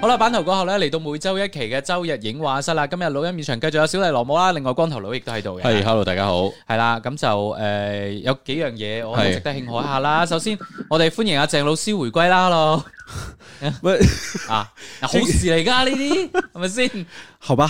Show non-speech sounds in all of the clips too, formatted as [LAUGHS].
好啦，版頭過後咧，嚟到每周一期嘅周日影畫室啦。今日錄音現場繼續有小麗羅姆啦，另外光頭佬亦都喺度嘅。係，hello，大家好。係啦，咁就誒有幾樣嘢我哋值得慶賀一下啦。首先，我哋歡迎阿鄭老師回歸啦，咯。喂，啊，好事嚟噶呢啲，係咪先？好吧，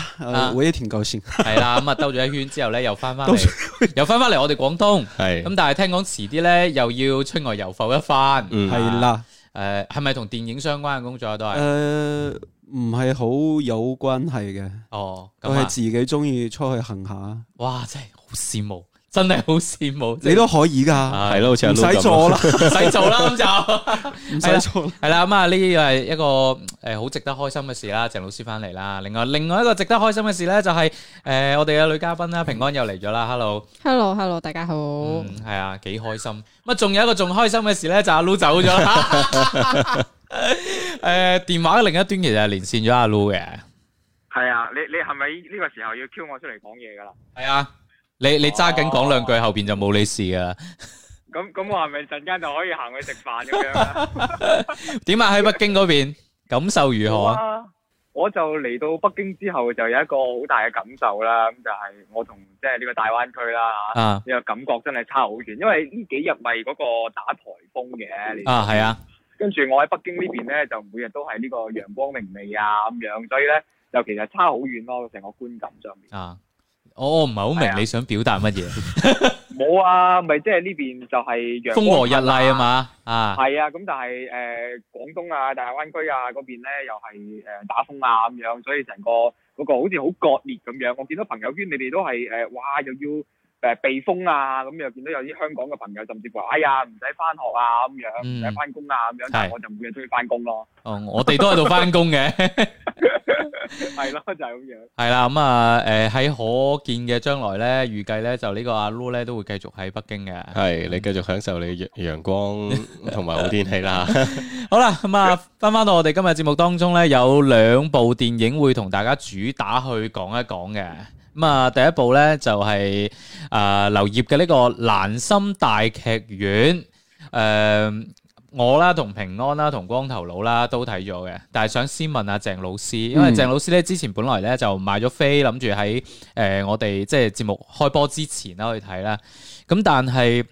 我也挺高興。係啦，咁啊兜咗一圈之後咧，又翻翻嚟，又翻翻嚟我哋廣東。係，咁但係聽講遲啲咧又要出外遊浮一番。嗯，係啦。誒係咪同電影相關嘅工作都係？誒唔係好有關係嘅。哦，oh，佢係自己中意出去行下。哇！真係好羨慕。真係好羨慕，你都可以噶，係咯、啊，唔使做啦，唔使做啦咁就唔使做。係啦 [LAUGHS] [LAUGHS] 了，咁啊呢個係一個誒好值得開心嘅事啦，鄭老師翻嚟啦。另外另外一個值得開心嘅事咧、就是，就係誒我哋嘅女嘉賓啦，平安又嚟咗啦，hello，hello，hello，hello, 大家好，係啊、嗯，幾開心。咁仲有一個仲開心嘅事咧，就阿 lu 走咗啦。誒，電話嘅另一端其實係連線咗阿 lu 嘅，係啊，你你係咪呢個時候要 Q 我出嚟講嘢噶啦？係啊。你你揸緊講兩句，後邊就冇你事噶啦。咁咁，我係咪陣間就可以行去食飯咁樣？點啊？喺北京嗰邊感受如何啊？我就嚟到北京之後，就有一個好大嘅感受啦。咁就係我同即係呢個大灣區啦吓，呢個感覺真係差好遠。因為呢幾日咪嗰個打台風嘅。啊，係啊。跟住我喺北京呢邊咧，就每日都係呢個陽光明媚啊咁樣，所以咧就其實差好遠咯，成個觀感上面。啊。Oh, 我唔係好明、啊、你想表達乜嘢？冇 [LAUGHS] 啊，咪即係呢邊就係陽光，風和日麗啊嘛，啊，係啊，咁但係誒、呃、廣東啊、大灣區啊嗰邊咧又係誒、呃、打風啊咁樣，所以成個嗰、嗰個好似好割裂咁樣。我見到朋友圈你哋都係誒、呃，哇，又要～誒避風啊，咁又見到有啲香港嘅朋友，甚至話：哎呀，唔使翻學啊，咁樣唔使翻工啊，咁的樣。但係我就每日都要翻工咯。哦、嗯，我哋都喺度翻工嘅，係咯，就係、是、咁樣。係啦，咁、嗯、啊，誒喺可見嘅將來咧，預計咧就呢個阿 Lu 咧都會繼續喺北京嘅。係你繼續享受你嘅陽光同埋、嗯、好天氣啦。 [LAUGHS] [LAUGHS] 好啦，咁、嗯、啊，翻翻到我哋今日節目當中咧，有兩部電影會同大家主打去講一講嘅。咁啊，第一部咧就係、是、啊、呃、婁燁嘅呢個《蘭心大劇院》呃。誒，我啦同平安啦同光頭佬啦都睇咗嘅，但係想先問下、啊、鄭老師，因為鄭老師咧之前本來咧就買咗飛，諗住喺誒我哋即係節目開播之前咧去睇啦。咁但係。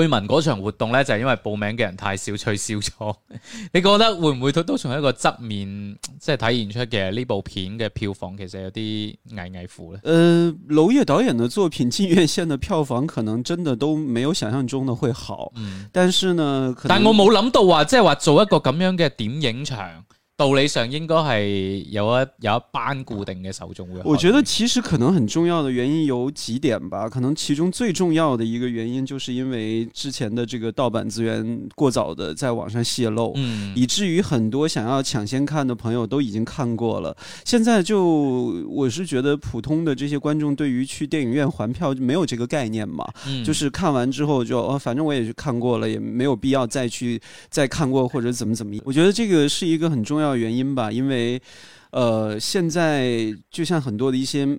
據聞嗰場活動咧，就係、因為報名嘅人太少，取消咗。 [LAUGHS] 你覺得會唔會都都從一個側面，即係體現出嘅呢部片嘅票房其實有啲危危乎咧？誒、呃，婁燁導演嘅作品進院線嘅票房可能真的都沒有想象中嘅會好。嗯，但是呢，但我冇諗到話，即係話做一個咁樣嘅點影場。道理上應該係有一有一班固定嘅受眾嘅。我覺得其實可能很重要的原因有幾點吧，可能其中最重要的一個原因就是因為之前的這個盜版資源過早的在網上泄露，嗯，以至於很多想要搶先看的朋友都已經看過了。現在就我是覺得普通的這些觀眾對於去電影院還票就沒有這個概念嘛，嗯，就是看完之後就，哦，反正我也是看過了，也沒有必要再去再看過或者怎麼怎麼樣。我覺得這個是一個很重要。主要原因吧，因為，呃，現在就像很多的一些。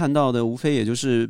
看到的無非也就是。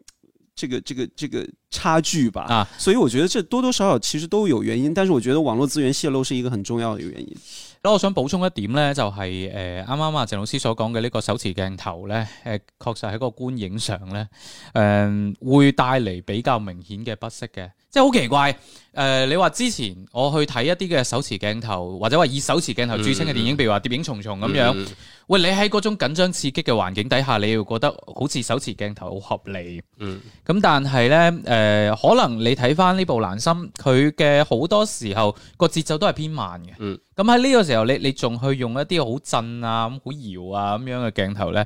這個、這個、這個差距吧，啊、所以我覺得這多多少少其實都有原因，但是我覺得網絡資源洩露是一個很重要的一個原因。咁、啊、我想補充一點呢，就係誒啱啱啊鄭老師所講嘅呢個手持鏡頭呢，誒、呃、確實喺個觀影上呢誒、呃、會帶嚟比較明顯嘅不適嘅，即係好奇怪。誒、呃，你話之前我去睇一啲嘅手持鏡頭，或者話以手持鏡頭著稱嘅電影，譬、嗯、如話《諜影重重》咁樣，嗯嗯、喂，你喺嗰種緊張刺激嘅環境底下，你又覺得好似手持鏡頭好合理，咁、嗯、但係呢，誒、呃，可能你睇翻呢部《蘭心》，佢嘅好多時候個節奏都係偏慢嘅，咁喺呢個時候，你你仲去用一啲好震啊、好搖啊咁樣嘅鏡頭呢，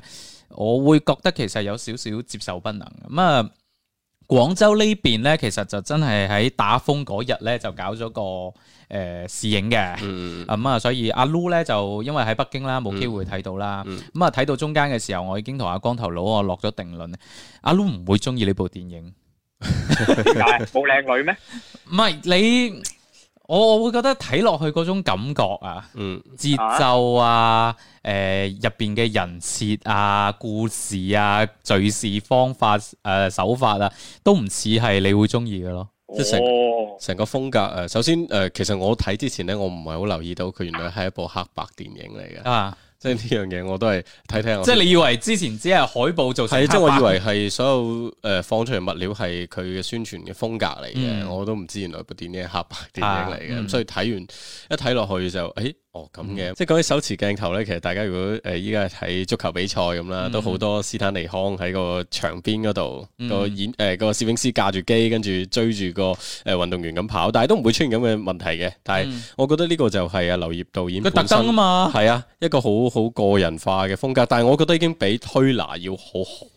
我會覺得其實有少少接受不能咁啊。嗯廣州呢邊呢，其實就真係喺打風嗰日呢，就搞咗個誒試影嘅。咁啊，所以阿 Lu 呢就因為喺北京啦，冇機會睇到啦。咁啊，睇到中間嘅時候，我已經同阿光頭佬啊落咗定論，阿 Lu 唔會中意呢部電影。冇靚女咩？唔係你。我我會覺得睇落去嗰種感覺啊，嗯，節奏啊，誒、呃，入邊嘅人設啊，故事啊，敘事方法誒、呃、手法啊，都唔似係你會中意嘅咯，哦、即係成成個風格誒。首先誒、呃，其實我睇之前咧，我唔係好留意到佢原來係一部黑白電影嚟嘅。啊即呢樣嘢我都係睇睇人，即係你以為之前只係海報做成，即係我以為係所有誒放出嚟物料係佢嘅宣傳嘅風格嚟嘅，嗯、我都唔知原來部電影係黑白電影嚟嘅，咁、啊嗯、所以睇完一睇落去就誒。哦，咁嘅，嗯、即係講起手持鏡頭咧，其實大家如果誒依家喺睇足球比賽咁啦，嗯、都好多斯坦尼康喺個場邊嗰度個演誒、呃、個攝影師架住機，跟住追住、那個誒運、呃、動員咁跑，但係都唔會出現咁嘅問題嘅。但係我覺得呢個就係啊，婁燁導演、嗯、身特登啊嘛，係啊，一個好好個人化嘅風格。但係我覺得已經比推拿要好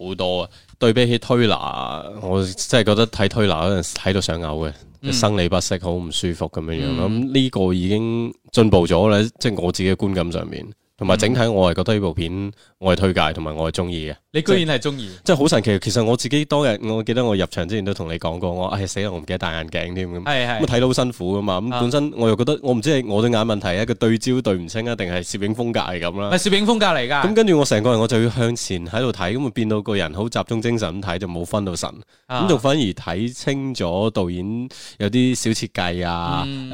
好多啊。對比起推拿，我真係覺得睇推拿嗰陣時睇到想嘔嘅。生理不適，好唔舒服咁樣樣，咁呢、嗯、個已經進步咗咧，即、就、係、是、我自己嘅觀感上面。同埋整體，嗯、我係覺得呢部片我係推介，同埋我係中意嘅。你居然係中意，即係好神奇。其實我自己當日，我記得我入場之前都同你講過，我係、哎、死啦，我唔記得戴眼鏡添咁。睇到好辛苦噶嘛。咁係係本身我又覺得，我唔知係我對眼問題啊，個對焦對唔清啊，定係攝影風格係咁啦。係攝影風格嚟噶。咁跟住我成個人我就要向前喺度睇，咁啊變到個人好集中精神睇，就冇分到神。咁仲、啊、反而睇清咗導演有啲小設計啊，佢、嗯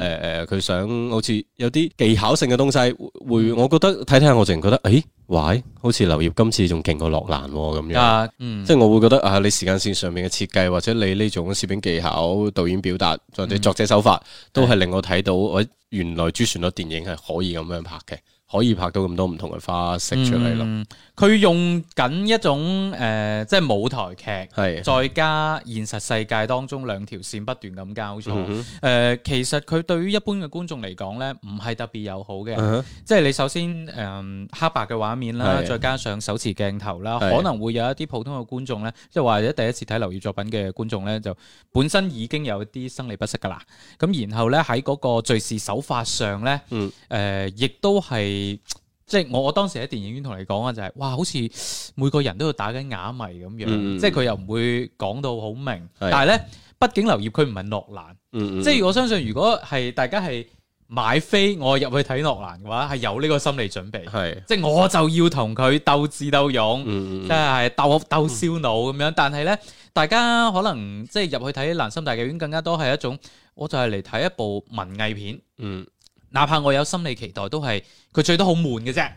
呃、想好似有啲技巧性嘅東西，會，會我覺得。睇下我淨覺得，誒，喂，好似婁燁今次仲勁過諾蘭咁樣，啊嗯、即係我會覺得啊，你時間線上面嘅設計，或者你呢種攝影技巧、導演表達或者作者手法，嗯、都係令我睇到，我原來主旋律電影係可以咁樣拍嘅，可以拍到咁多唔同嘅花式出嚟咯。嗯佢用緊一種誒、呃，即係舞台劇，係的再加現實世界當中兩條線不斷咁交錯。誒、嗯嗯呃，其實佢對於一般嘅觀眾嚟講咧，唔係特別友好嘅。嗯嗯即係你首先誒、呃、黑白嘅畫面啦，的再加上手持鏡頭啦，的可能會有一啲普通嘅觀眾咧，即係或者第一次睇婁燁作品嘅觀眾咧，就本身已經有一啲生理不適噶啦。咁然後咧，喺嗰個敘事手法上咧，誒、呃，亦都係。即係我我當時喺電影院同你講啊，就係、是、哇，好似每個人都要打緊啞謎咁樣，嗯、即係佢又唔會講到好明。是但係呢，畢竟婁燁佢唔係諾蘭，嗯、即係我相信如果係大家係買飛我入去睇諾蘭嘅話，係有呢個心理準備。是即係我就要同佢鬥智鬥勇，即係鬥鬥燒腦咁樣。但係呢，大家可能即係入去睇蘭心大劇院更加多係一種，我就係嚟睇一部文藝片。嗯。哪怕我有心理期待，都係佢最多好悶嘅啫。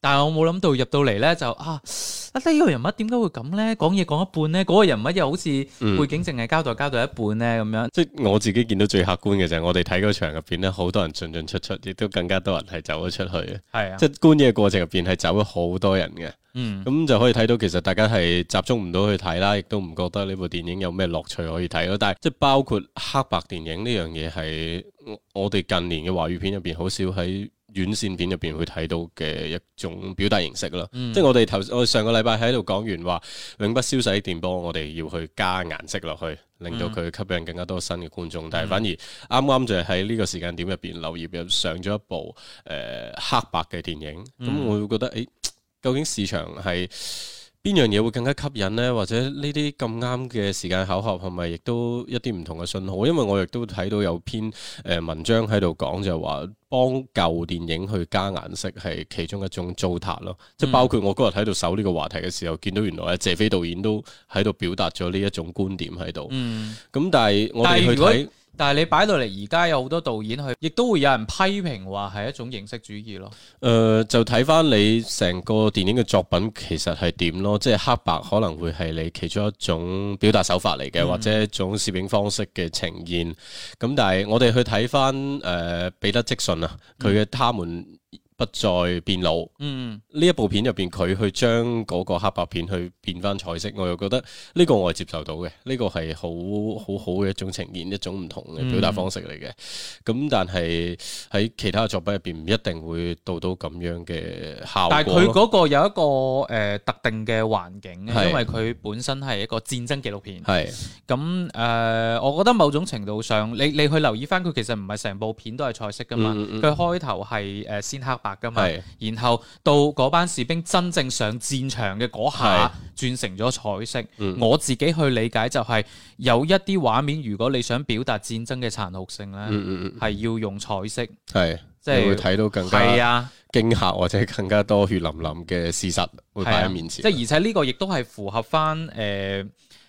但係我冇諗到入到嚟，咧就啊，啊呢、這個人物點解會咁咧？講嘢講一半咧，嗰、這個人物又好似背景淨係交代交代一半咧咁、嗯、樣。即係我自己見到最客觀嘅就係我哋睇嗰場入邊咧，好多人進進出出，亦都更加多人係走咗出去。係啊，即係觀嘢過程入邊係走咗好多人嘅。嗯，咁就可以睇到其實大家係集中唔到去睇啦，亦都唔覺得呢部電影有咩樂趣可以睇咯。但係即係包括黑白電影呢樣嘢係我我哋近年嘅華語片入邊好少喺院線片入邊會睇到嘅一種表達形式咯，嗯、即係我哋頭我上個禮拜喺度講完話，永不消逝電波，我哋要去加顏色落去，令到佢吸引更加多新嘅觀眾，但係反而啱啱就係喺呢個時間點入邊，婁燁又上咗一部誒、呃、黑白嘅電影，咁、嗯、我會覺得，誒、哎、究竟市場係？呢樣嘢會更加吸引呢？或者呢啲咁啱嘅時間巧合係咪亦都一啲唔同嘅信號？因為我亦都睇到有篇誒文章喺度講，就係話幫舊電影去加顏色係其中一種糟蹋咯。即係、嗯、包括我嗰日喺度搜呢個話題嘅時候，見到原來謝飛導演都喺度表達咗呢一種觀點喺度。咁、嗯、但係我哋去睇。但係你擺到嚟，而家有好多導演去，亦都會有人批評話係一種形式主義咯。誒、呃，就睇翻你成個電影嘅作品其實係點咯？即係黑白可能會係你其中一種表達手法嚟嘅，嗯、或者一種攝影方式嘅呈現。咁但係我哋去睇翻誒彼得積遜啊，佢嘅他們、嗯。不再變老。嗯，呢一部片入邊佢去將嗰個黑白片去變翻彩色，我又覺得呢個我係接受到嘅，呢、這個係好好好嘅一種呈現、一種唔同嘅表達方式嚟嘅。咁、嗯、但係喺其他嘅作品入邊唔一定會到到咁樣嘅效果。但係佢嗰個有一個誒、呃、特定嘅環境，因為佢本身係一個戰爭紀錄片。係咁誒，我覺得某種程度上，你你去留意翻，佢其實唔係成部片都係彩色噶嘛。佢、嗯嗯嗯、開頭係誒先黑咁然後到嗰班士兵真正上戰場嘅嗰下，轉的成咗彩色。嗯、我自己去理解就係、是、有一啲畫面，如果你想表達戰爭嘅殘酷性呢，係、嗯嗯嗯、要用彩色，係即係睇到更加係啊驚嚇或者更加多血淋淋嘅事實會擺喺面前。即係的的而且呢個亦都係符合翻誒。呃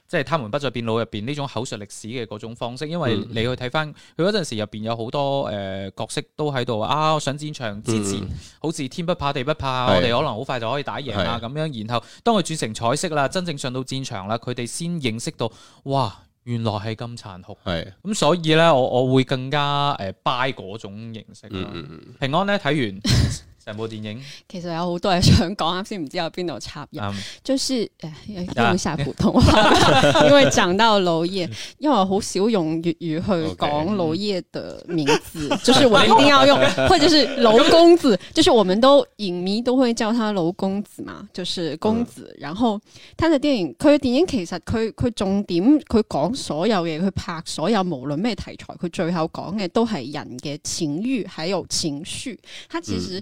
即係他們不再變老入邊呢種口述歷史嘅嗰種方式，因為你去睇翻佢嗰陣時入邊有好多誒、呃、角色都喺度啊！上戰場之前，嗯、好似天不怕地不怕，的我哋可能好快就可以打贏啦咁的樣。然後當佢轉成彩色啦，真正上到戰場啦，佢哋先認識到哇，原來係咁殘酷。係咁的，嗯、所以咧，我我會更加誒 buy 嗰種形式。平安咧睇完。有冇電影，其實有好多嘢想講，先唔知有邊度插入，嗯、就是誒用一下普通話， [LAUGHS] 因為講到婁燁，因為我好少用粵語去講婁燁的名字，Okay. 就是我一定要用， [LAUGHS] 或者是婁公子， [LAUGHS] 就是我們都影迷都會叫他婁公子嘛，就是公子。嗯、然後他的電影，佢嘅電影，其實佢佢重點佢講所有嘢，佢拍所有無論咩題材，佢最後講嘅都係人嘅情慾，還有情緒。他其實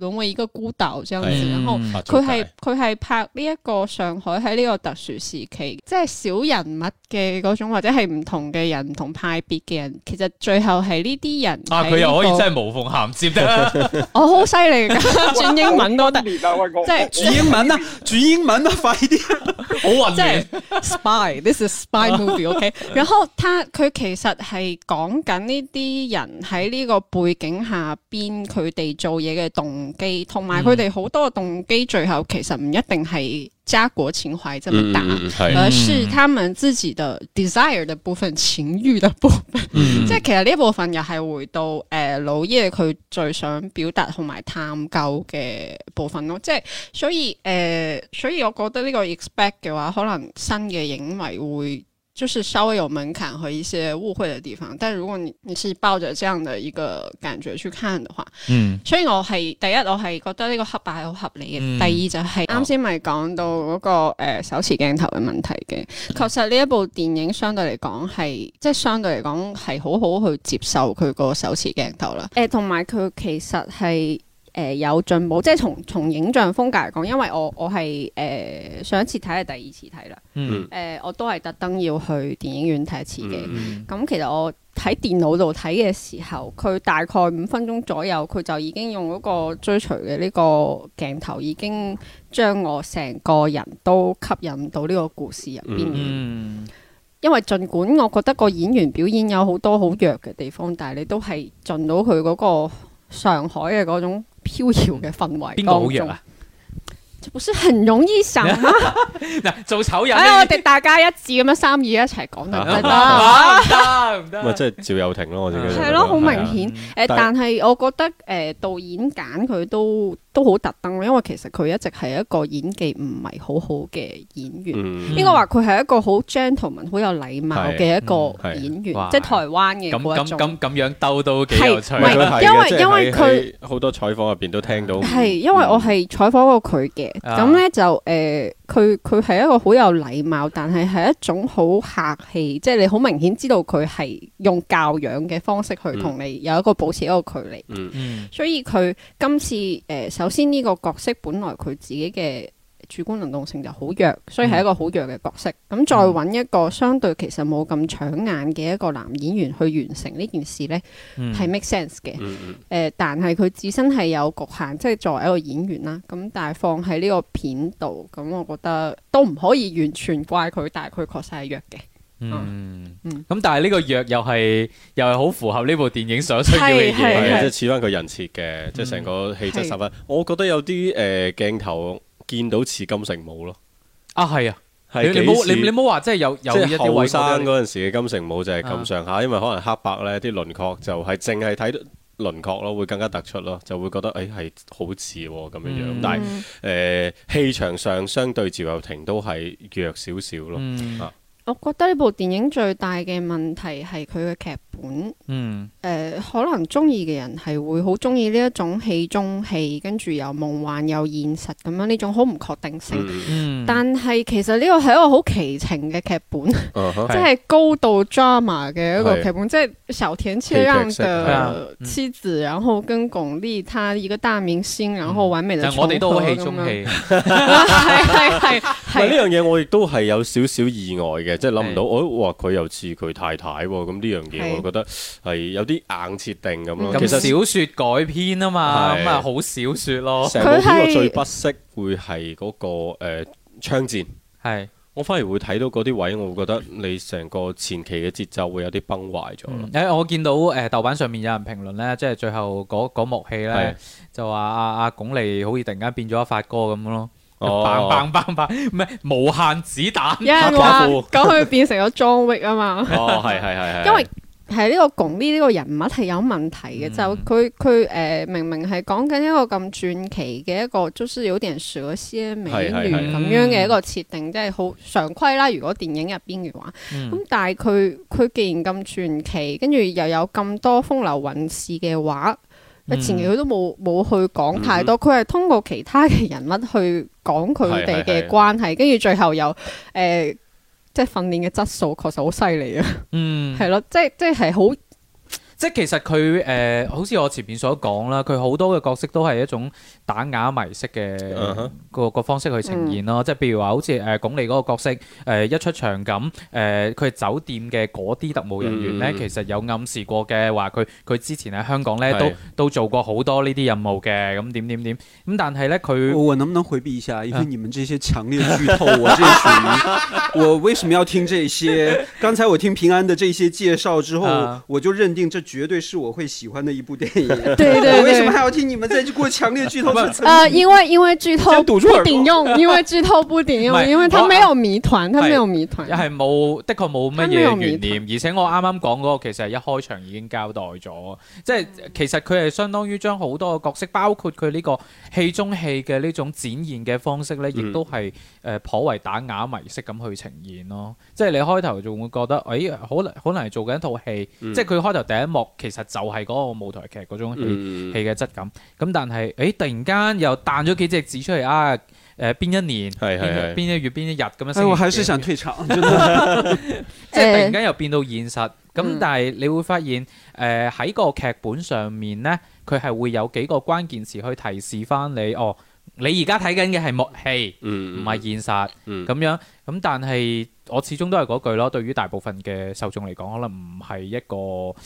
淪為一個孤島之後然後佢係佢係拍呢一個上海喺呢個特殊時期，即係小人物嘅嗰種或者係唔同嘅人唔同派別嘅人，其實最後係呢啲人、這個、啊，佢又可以真係無縫銜接我好犀利，轉英文都得，我啊、即係是轉、啊、 [LAUGHS] 英文啦、啊，轉英文啦、啊，快啲，好暈 [LAUGHS] 是，即係 spy，this is spy movie，OK，然後佢佢其實係講緊呢啲人喺呢個背景下邊佢哋做嘢嘅動。機同埋佢哋好多嘅動機，最後其實唔一定係家國情懷這麼大。嗯、是而是他們自己的 desire 的部分、情慾的部分。即係、嗯、其實呢一部分又係回到誒、呃、婁燁佢最想表達同埋探究嘅部分咯。即係所以誒，所以我覺得呢個 expect 嘅話，可能新嘅影迷會。就是稍微有門檻和一些誤會的地方，但如果你你是抱着這樣的一個感覺去看的話，嗯，所以我係第一我係覺得呢個黑白係好合理嘅，嗯、第二就係啱先咪講到嗰個、那個誒、呃、手持鏡頭嘅問題嘅，嗯、確實呢一部電影相對嚟講係即係相對嚟講係好好去接受佢個手持鏡頭啦，誒、呃，同埋佢其實係。誒、呃、有進步，即係從從影像風格嚟講，因為我我係誒、呃、上一次睇係第二次睇啦，誒、嗯呃、我都係特登要去電影院睇一次嘅。咁、嗯嗯、其實我喺電腦度睇嘅時候，佢大概五分鐘左右，佢就已經用嗰個追隨嘅呢個鏡頭，已經將我成個人都吸引到呢個故事入邊。嗯嗯嗯、因為儘管我覺得個演員表演有好多好弱嘅地方，但係你都係進到佢嗰個上海嘅嗰種飄搖嘅氛圍當中，個好、啊，這不是很容易想嗎？嗱， [LAUGHS] [LAUGHS] 做醜人、哎，我哋大家一致咁樣三二一齊講得唔得？唔得、啊，唔得、啊，咪即係趙又廷咯，啊、我自己。係咯，好明顯。誒、嗯呃，但係我覺得誒、呃，導演揀佢都。都好特登咯，因為其實佢一直係一個演技唔係好好嘅演員，嗯、應該話佢係一個好 gentleman、好有禮貌嘅一個演員，嗯、即係台灣嘅咁咁咁咁樣兜都幾有趣。唔係因為因為佢好多採訪入邊都聽到，係因為我係採訪過佢嘅，咁咧、嗯、就誒。呃啊佢佢係一個好有禮貌，但係係一種好客氣，即係你好明顯知道佢係用教養嘅方式去同你有一個保持一個距離。嗯嗯，所以佢今次誒、呃，首先呢個角色本來佢自己嘅。主觀能動性就好弱，所以係一個好弱嘅角色。咁再揾一個相對其實冇咁搶眼嘅一個男演員去完成呢件事呢係 make sense 嘅。誒，但係佢自身係有局限，即係作為一個演員啦。咁但係放喺呢個片度，咁我覺得都唔可以完全怪佢，但係佢確實係弱嘅。嗯，咁但係呢個弱又係又係好符合呢部電影所需要嘅嘢，即係似翻個人設嘅，即係成個氣質十分。我覺得有啲誒鏡頭。見到似金城武咯，啊係啊，啊你你冇你你冇話，即係有有一啲後生嗰陣時嘅金城武就係咁上下。啊、因為可能黑白咧啲輪廓，就係淨係睇輪廓咯，會更加突出咯，就會覺得誒係好似咁樣樣。嗯、但係誒、呃、氣場上相對趙又廷都係弱少少咯。嗯啊。我覺得呢部電影最大嘅問題係佢嘅劇本，誒可能中意嘅人係會好中意呢一種戲中戲，跟住又夢幻又現實咁樣呢種好唔確定性。但係其實呢個係一個好奇情嘅劇本，即係高度 drama 嘅一個劇本。即係小田切讓嘅妻子，然後跟鞏俐，他一個大明星，然後玩味咗。我哋都好戲中戲，係係係。呢樣嘢我亦都係有少少意外嘅。即係諗唔到，我是的 哇，佢又似佢太太喎，咁呢樣嘢我覺得係有啲硬設定咁咯。的其實小說改編啊嘛，咁啊好小說咯。成部片我最不識會係嗰、那個誒槍、呃、戰？係是的 我反而會睇到嗰啲位，我會覺得你成個前期嘅節奏會有啲崩壞咗誒，嗯、我見到誒、呃、豆瓣上面有人評論咧，即係最後嗰幕戲咧，是的 就話阿阿鞏俐好似突然間變咗一發哥咁咯。哦、棒，棒，棒棒，嘭嘭，唔係無限子彈，有人話咁佢變成咗裝域啊嘛。哦，係係係， [LAUGHS] 因為係呢個鞏俐呢個人物係有問題嘅，嗯、就佢佢誒明明係講緊一個咁傳奇嘅一個，就使、是、有啲人死咗先美滿咁樣嘅一個設定，即係好常規啦。如果電影入邊嘅話，咁、嗯、但係佢佢既然咁傳奇，跟住又有咁多風流韻事嘅話。前期佢都冇冇去講太多，佢係、嗯、哼通過其他嘅人物去講佢哋嘅關係，跟住最後又誒、呃、即係訓練嘅質素確實好犀利啊！嗯，係咯， [LAUGHS] 即係即係係好。即其實佢誒好似我前面所講啦，佢好多嘅角色都係一種打啞謎式嘅個個方式去呈現咯。即係譬如話好似誒鞏俐個角色誒一出場咁，誒佢酒店嘅啲特務人員咧，其實有暗示過嘅話佢佢之前喺香港咧都都做過好多呢啲任務嘅，咁點點點咁，但係咧佢我能唔能回避一下？因為你們這些強烈劇透啊，屬於我為什麼要聽這些？剛才我聽平安的這些介紹之後我就認定這。絕對是我會喜歡的一部電影。 [LAUGHS] 對對，對為什麼還要聽你們再去過強烈劇透、 [LAUGHS] 呃？因為因為劇透不頂用，用，因為劇透不頂用， [LAUGHS] 是因為他沒有謎團，他、啊、沒有謎團，又係冇，的確冇乜嘢懸念。而且我啱啱講個其實係一開場已經交代咗，即係其實佢係相當於將好多嘅角色，包括佢呢個戲中戲嘅呢種展現嘅方式咧，亦、嗯、都係誒頗為打啞謎式咁去呈現咯。即係你開頭仲會覺得誒，好難可能做緊一套戲，嗯、即係佢開頭第一幕。其實就係嗰個舞台劇嗰種戲嘅質感，咁、嗯、但係誒、欸、突然間又彈咗幾隻字出嚟啊！誒、呃、邊一年邊一月邊一,一日咁樣，我係非常退場，即係 [LAUGHS] [LAUGHS] 突然間又變到現實。咁但係你會發現誒喺、呃、個劇本上面呢，佢係會有幾個關鍵詞去提示翻你哦，你而家睇緊嘅係幕戲，唔係、嗯、現實咁、嗯、樣。咁但係我始終都係嗰句咯，對於大部分嘅受眾嚟講，可能唔係一個。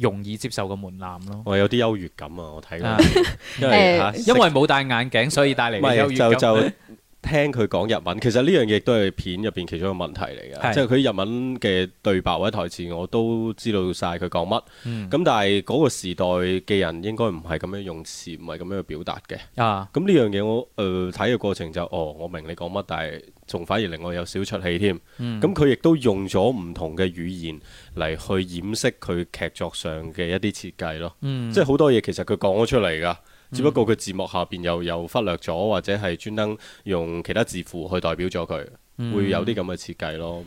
容易接受個門檻咯， [NOISE] 我有啲優越感啊！我睇， [LAUGHS] 因為 [LAUGHS] 因為冇戴眼鏡，所以帶嚟嘅優越感。 [LAUGHS] 聽佢講日文，其實呢樣嘢都係片入邊其中一個問題嚟嘅，是即係佢日文嘅對白或者台詞，我都知道晒佢講乜。咁、嗯、但係嗰個時代嘅人應該唔係咁樣用詞，唔係咁樣去表達嘅。咁呢、啊、樣嘢我誒睇嘅過程就是，哦，我明你講乜，但係仲反而令我有少少出戲添。咁佢亦都用咗唔同嘅語言嚟去掩飾佢劇作上嘅一啲設計咯。嗯、即係好多嘢其實佢講咗出嚟㗎。只不過佢字幕下邊又又忽略咗，或者係專登用其他字符去代表咗佢、嗯呃，會有啲咁嘅設計咯。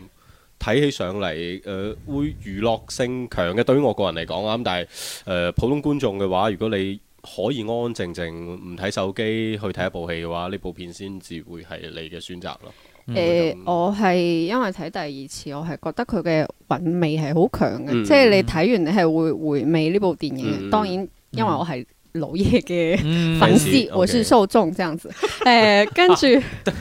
睇起上嚟，誒，會娛樂性強嘅。對於我個人嚟講啱，但係誒、呃、普通觀眾嘅話，如果你可以安安靜靜唔睇手機去睇一部戲嘅話，呢部片先至會係你嘅選擇咯。誒、嗯呃，我係因為睇第二次，我係覺得佢嘅韻味係好強嘅，嗯、即係你睇完你係會回味呢部電影。嗯、當然，因為我係。老爺嘅粉絲，我是受眾，這樣子。誒，跟住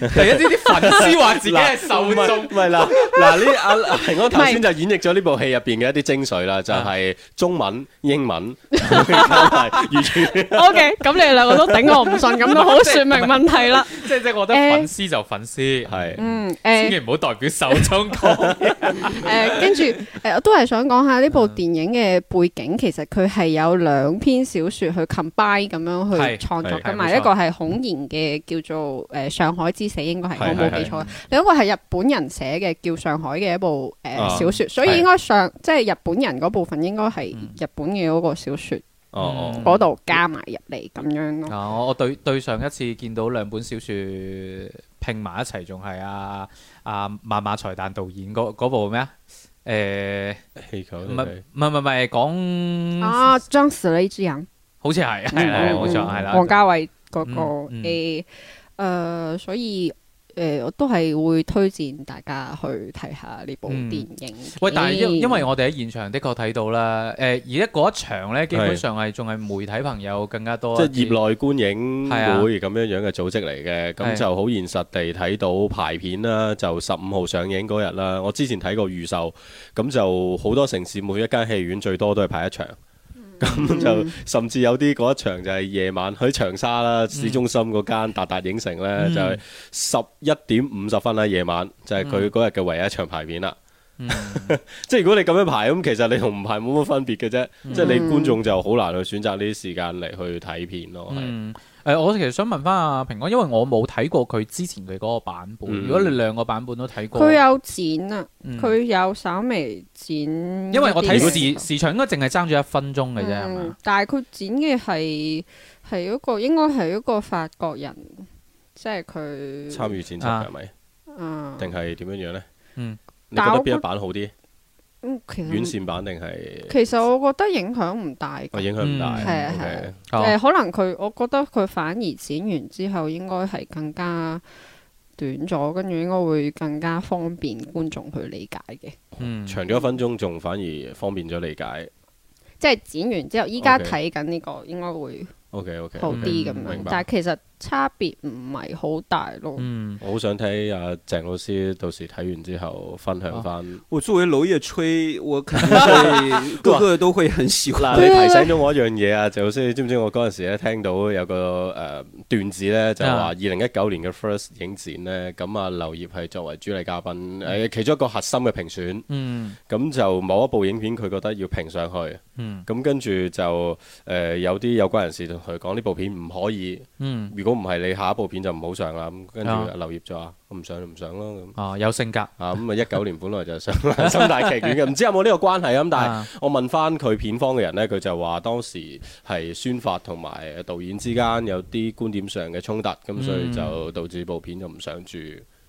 係一啲啲粉絲話自己係受眾，咪啦嗱呢啊平安頭先就演繹咗呢部戲入邊嘅一啲精髓啦，就係中文、英文，完全。OK，咁你哋兩個都頂我唔順，咁都好說明問題啦。即係即係，我覺得粉絲就粉絲係，千祈唔好代表受眾講。誒，跟住誒，我都係想講下呢部電影嘅背景，其實佢係有兩篇小說去咁樣去創作噶，埋一個係孔言嘅，叫做誒上海之死，應該係我冇記錯。另一個係日本人寫嘅叫上海嘅一部誒小說，所以應該上即係日本人嗰部分應該係日本嘅嗰個小說，哦，嗰度加埋入嚟咁樣咯。我我對對上一次見到兩本小說拼埋一齊，仲係阿阿萬萬瑪才旦導演嗰部咩啊？誒，氣球唔係唔係唔係講啊，撞死了一隻好似係，係冇錯係啦。王家衛嗰、那個誒，誒、嗯欸呃，所以誒，我、呃、都係會推薦大家去睇下呢部電影、嗯。喂，但係因因為我哋喺現場的確睇到啦，誒、呃，而家嗰一場咧，基本上係仲係媒體朋友更加多，即係的直業內觀影會咁樣樣嘅組織嚟嘅，咁的就好現實地睇到排片啦，就十五號上映嗰日啦。我之前睇過預售，咁就好多城市每一間戲院最多都係排一場。咁就、嗯、 [LAUGHS] 甚至有啲嗰一場就係夜晚喺長沙啦，市中心嗰間、嗯、達達影城呢，就係十一點五十分啦。夜晚就係佢嗰日嘅唯一一場排片啦。嗯、 [LAUGHS] 即係如果你咁樣排，咁其實你同唔排冇乜分別嘅啫。即係、嗯、你觀眾就好難去選擇呢啲時間嚟去睇片咯。嗯、係誒、呃，我其實想問翻阿平安，因為我冇睇過佢之前嘅嗰個版本。嗯、如果你兩個版本都睇過，佢有剪啊，佢、嗯、有稍微剪。因為我睇佢時時長、嗯、應該淨係爭咗一分鐘嘅啫，嗯、吧但係佢剪嘅係係一個應該係一個法國人，即係佢參與剪輯係咪？定係點樣樣呢？嗯、你覺得邊一版好啲？嗯，其實院線版定係其實我覺得影響唔大，哦，影響唔大，係啊，係可能佢我覺得佢反而剪完之後應該係更加短咗，跟住應該會更加方便觀眾去理解嘅。嗯，長咗一分鐘仲反而方便咗理解，即係、嗯就係、剪完之後，依家睇緊呢個應該會 O K O K 好啲咁樣，但係其實，差別唔係好大咯。嗯，我好想睇阿鄭老師到時睇完之後分享翻。我做啲婁燁吹，我都都都很少。嗱，你提醒咗我一樣嘢啊，鄭老師，知唔知我嗰陣時咧聽到有個誒段子咧，就話二零一九年嘅 First 影展咧，咁啊婁燁係作為主禮嘉賓，誒其中一個核心嘅評選。嗯。咁就某一部影片佢覺得要評上去。嗯。咁跟住就誒有啲有關人士同佢講呢部片唔可以。嗯。如果都唔係你下一部片就唔好上啦，咁跟住婁燁就我唔上就唔上咯。哦，有性格啊，咁啊一九年本來就上蘭心 [LAUGHS] 大劇院嘅，唔知有冇呢個關係咁。 [LAUGHS] 但係我問翻佢片方嘅人咧，佢就話當時係宣發同埋導演之間有啲觀點上嘅衝突，咁、嗯、所以就導致部片就唔想住。嗯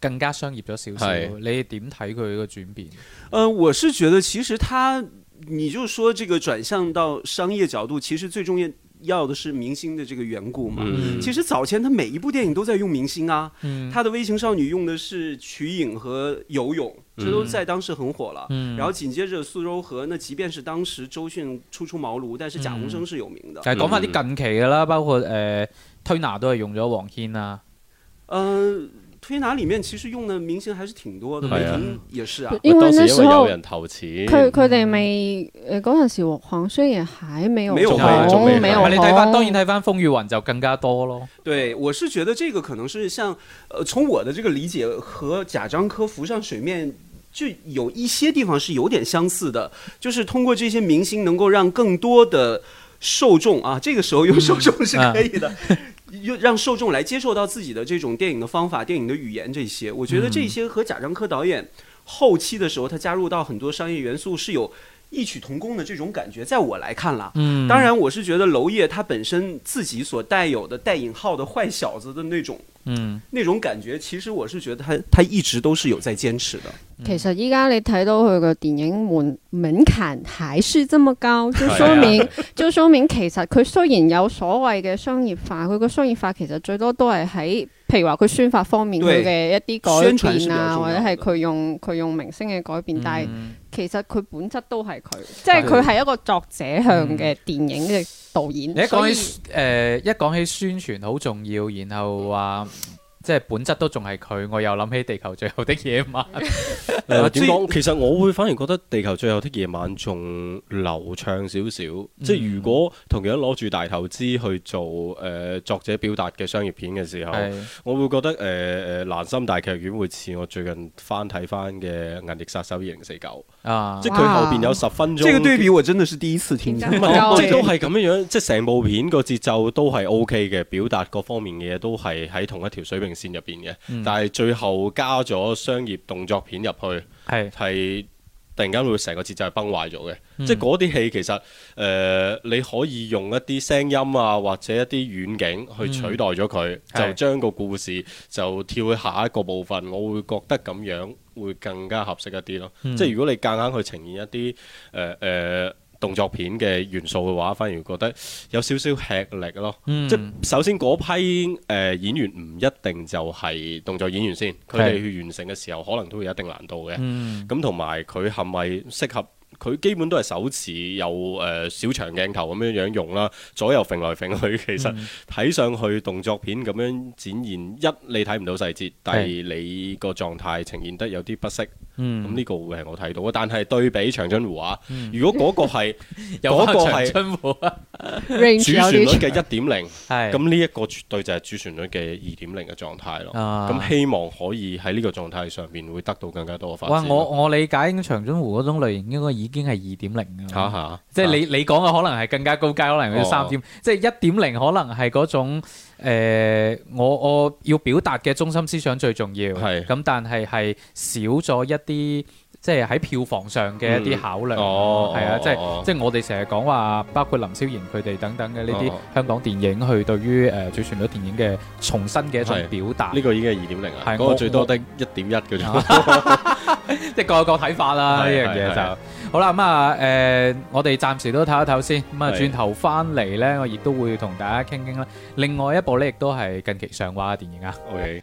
更加商業咗少少，你點睇佢個轉變？誒，我是覺得其實他，你就說這個轉向到商業角度，其實最重要要的是明星的這個緣故嘛。其實早前他每一部電影都在用明星啊，他的《危情少女》用的是瞿穎和尤勇，這都在當時很火了。然後緊接著《蘇州河》，那即便是當時周迅初出茅廬，但是賈宏聲是有名的。但係講翻啲近期嘅啦，包括推拿都係用咗黃軒啊，誒。推拿裏面其實用的明星還是挺多的，梅、嗯、婷也是啊。因為那時候，有人投錢他他哋未，誒、呃，嗰、嗯、陣時黃軒也還沒有還沒有沒有沒有紅。當然，睇翻《風雨雲》就更加多咯。對，我是覺得這個可能是像，呃，從我的這個理解和賈樟柯浮上水面，就有一些地方是有點相似的，就是通過這些明星能夠讓更多的受眾啊，這個時候用受眾是可以的。嗯啊 [LAUGHS] 又讓受眾來接受到自己的這種電影的方法、電影的語言這些，我覺得這些和賈樟柯導演後期的時候，他加入到很多商業元素是有異曲同工的這種感覺，在我來看啦，嗯，當然我是覺得婁燁他本身自己所帶有的帶引號的壞小子的那種，嗯，那種感覺，其實我是覺得他他一直都是有在堅持的。嗯、其實依家你睇到佢個電影門門檻還是這麼高，就說明， [LAUGHS] 就說明其實佢雖然有所謂嘅商業化，佢個商業化其實最多都係喺。譬如話，佢宣發方面，佢嘅對一啲改變啊，或者係佢用佢用明星嘅改變，嗯、但係其實佢本質都係佢，即係佢係一個作者向嘅電影嘅導演。嗯、以你一講起以、呃、一講起宣傳好重要，然後話。即係本質都仲係佢，我又諗起地球最後的夜晚。誒點講？其實我會反而覺得地球最後的夜晚仲流暢少少。嗯、即係如果同樣攞住大投資去做誒、呃、作者表達嘅商業片嘅時候，是我會覺得誒誒，蘭、呃、心大劇院會似我最近翻睇翻嘅《銀翼殺手二零四九》。啊！Uh, 即係佢後邊有十分鐘，呢個對比我真的是第一次聽。 [LAUGHS] [LAUGHS] 即係都係咁樣樣，即係成部片個節奏都係 OK 嘅，表達各方面嘅嘢都係喺同一條水平線入邊嘅，嗯、但係最後加咗商業動作片入去，係係。突然間會成個節奏係崩壞咗嘅，嗯、即係嗰啲戲其實誒、呃、你可以用一啲聲音啊或者一啲遠景去取代咗佢，嗯、就將個故事就跳去下一個部分，我會覺得咁樣會更加合適一啲咯。嗯、即係如果你夾硬去呈現一啲誒誒，呃呃動作片嘅元素嘅話，反而覺得有少少吃力咯。嗯、即首先嗰批誒、呃、演員唔一定就係動作演員先，佢哋、嗯、去完成嘅時候可能都會有一定難度嘅。咁同埋佢係咪適合？佢基本都係手持有誒小、呃、長鏡頭咁樣樣用啦，左右揈來揈去，其實睇、嗯、上去動作片咁樣展現一，你睇唔到細節，第二、嗯、你個狀態呈現得有啲不適。嗯嗯嗯，咁呢個會係我睇到啊，但係對比長津湖啊，如果嗰個係，嗰個係主旋律嘅一點零，係咁呢一個絕對就係主旋律嘅二點零嘅狀態咯。咁希望可以喺呢個狀態上面會得到更加多嘅發展。哇，我我理解長津湖嗰種類型應該已經係二點零啊，啊即係你你講嘅可能係更加高階，可能要三點，啊、即係一點零可能係嗰種。誒，uh, 我我要表達嘅中心思想最重要，咁是但係係少咗一啲，即係喺票房上嘅一啲考慮，係、嗯哦、啊，即係即係我哋成日講話，包括林超賢佢哋等等嘅呢啲香港電影，去對於誒、呃、主旋律電影嘅重新嘅一種表達。呢、這個已經係二點零啦，嗰個最多得 [LAUGHS] [LAUGHS] [LAUGHS] 一點一嘅啫，即係各有各睇法啦呢樣嘢就。好啦，咁、嗯、啊，誒、呃，我哋暫時都唞一唞先，咁、嗯、啊，轉頭翻嚟咧，我亦都會同大家傾傾啦。另外一部咧，亦都係近期上畫嘅電影啊。OK。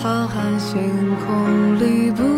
浩瀚星空裏。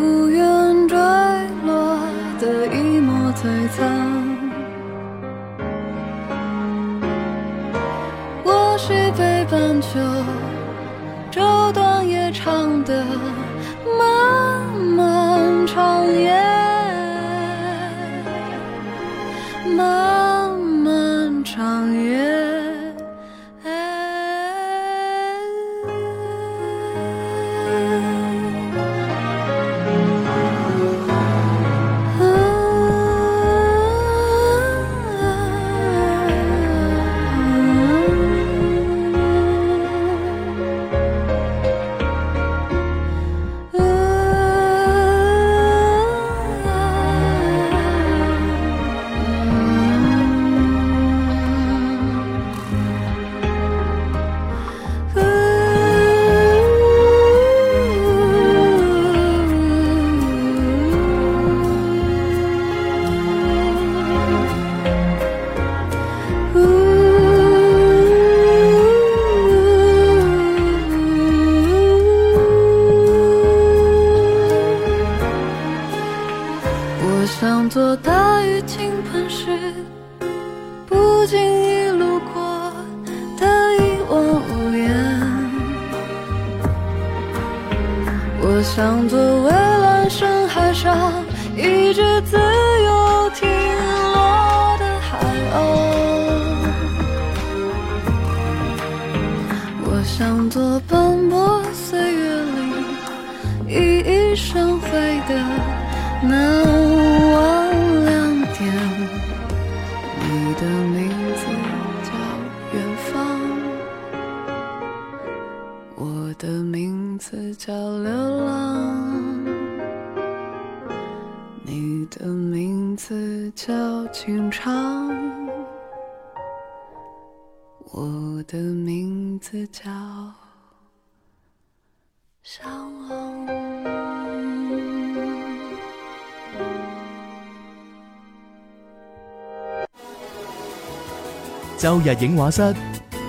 周日映畫室，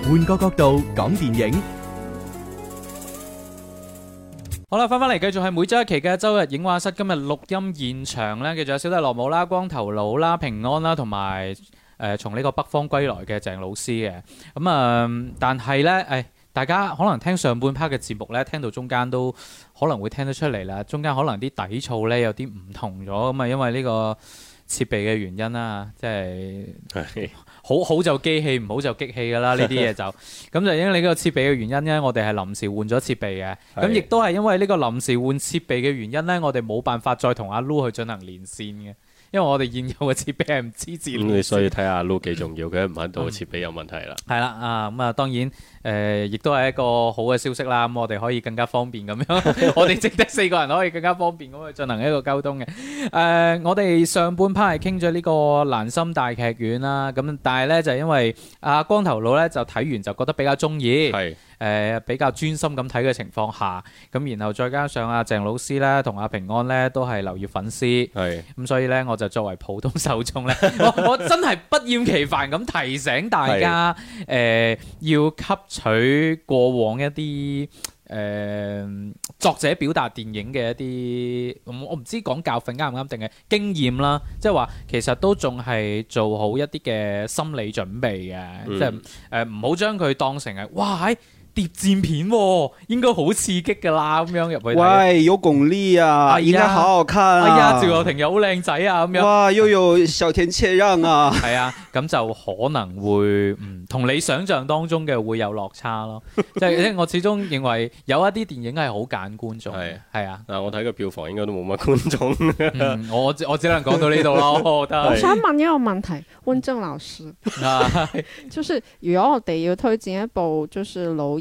換個角度講電影。好啦，返返嚟，繼續係每周一期嘅周日映畫室。今日錄音現場咧，繼續有小弟羅姆啦、光頭佬啦、平安啦，同埋誒從呢個北方歸來嘅鄭老師嘅。咁啊，但係咧，誒，大家可能聽上半 part 嘅節目咧，聽到中間都可能會聽得出嚟啦。中間可能啲底噪咧有啲唔同咗，咁啊，因為呢個設備嘅原因啦，即係。好好就機器，唔好就激氣噶啦。呢啲嘢就咁 [LAUGHS] 就因為你嗰個設備嘅原因咧，我哋係臨時換咗設備嘅。咁亦都係因為呢個臨時換設備嘅原因咧，我哋冇辦法再同阿 Lu 去進行連線嘅。因為我哋現有嘅設備係唔支持，你、嗯、所以睇下 Lu 幾重要，嘅，唔喺度設備有問題啦。係啦、嗯，啊咁啊、嗯，當然誒、呃，亦都係一個好嘅消息啦。咁、嗯、我哋可以更加方便咁樣， [LAUGHS] [LAUGHS] 我哋值得四個人可以更加方便咁去進行一個溝通嘅。誒、呃，我哋上半 part 係傾咗呢個蘭心大劇院啦，咁但係咧就是、因為阿光頭佬咧就睇完就覺得比較中意。誒、呃、比較專心咁睇嘅情況下，咁然後再加上阿、啊、鄭老師咧同阿平安咧都係婁燁粉絲，咁是所以咧我就作為普通受眾咧，我我真係不厭其煩咁提醒大家，誒是、呃、要吸取過往一啲誒、呃、作者表達電影嘅一啲、嗯，我我唔知講教訓啱唔啱定嘅經驗啦，即係話其實都仲係做好一啲嘅心理準備嘅，即係誒唔好將佢當成係哇、欸諜戰片喎，應該好刺激噶啦，咁樣入去。喂，有鞏俐啊，應該好好看。哎呀，趙又廷又好靚仔啊，咁樣。哇，又有小田切讓啊。係啊，咁就可能會，嗯，同你想象當中嘅會有落差咯。即係，我始終認為有一啲電影係好揀觀眾。係啊，嗱，我睇個票房應該都冇乜觀眾。我我只能講到呢度咯。我想問一個問題，問鄭老師，就是如果我哋要推薦一部，就是老。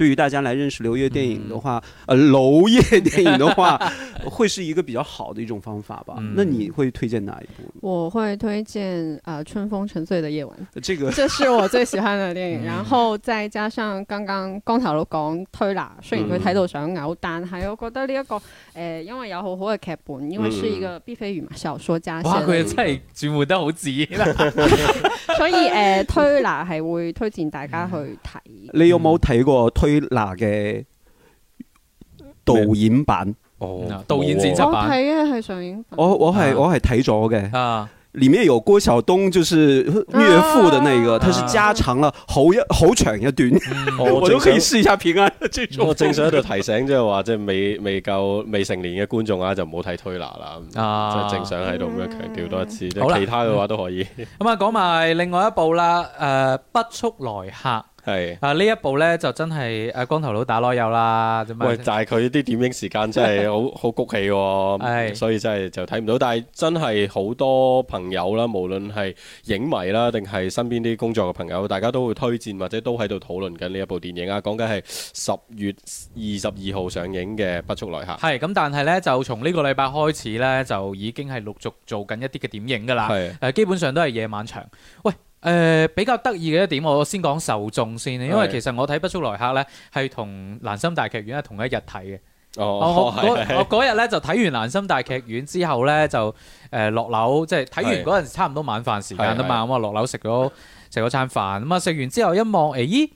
對於大家來認識劉燁電影的話，呃、婁燁電影的話，會是一個比較好的一種方法吧？那你會推薦哪一部？我會推薦，呃、春風沉醉的夜晚，這個這是我最喜歡的電影。然後再加上剛剛光頭佬講推拿，雖然佢睇到想嘔，但係我覺得呢一個，因為有好好嘅劇本，因為是一個畢飛宇小說家。哇佢真係轉換得好自然，所以推拿係會推薦大家去睇。你有冇睇過推？推拿嘅導演版哦，導演剪輯版，我睇係上映。我我係我係睇咗嘅，裏面有郭曉東，就是岳父的那個，他是加長了好長一段呀，對唔住，我都可以試一下平安。我正想喺度提醒，即係話，即係未未夠未成年嘅觀眾啊，就唔好睇推拿啦。啊，即係正想喺度咁樣強調多一次。好啦，其他嘅話都可以。咁啊，講埋另外一部啦，誒，《不速來客》。係是啊！呢一部呢就真係阿光頭佬打籮柚啦，喂！但係佢啲點映時間真係好好 [LAUGHS] 谷氣、啊，是所以真係就睇唔到。但係真係好多朋友啦，無論係影迷啦，定係身邊啲工作嘅朋友，大家都會推薦或者都喺度討論緊呢一部電影啊！講緊係十月二十二號上映嘅《不速來客》。係咁，但係呢，就從呢個禮拜開始呢，就已經係陸續做緊一啲嘅點映噶啦，是基本上都係夜晚場。喂！誒、呃、比較得意嘅一點，我先講受眾先，因為其實我睇《不速來客》呢係同蘭心大劇院係同一日睇嘅。哦，我嗰日呢就睇完蘭心大劇院之後呢，就誒落、呃、樓，即係睇完嗰陣時差唔多晚飯時間啦嘛。咁啊落樓食咗食咗餐飯，咁啊食完之後一望，誒咦！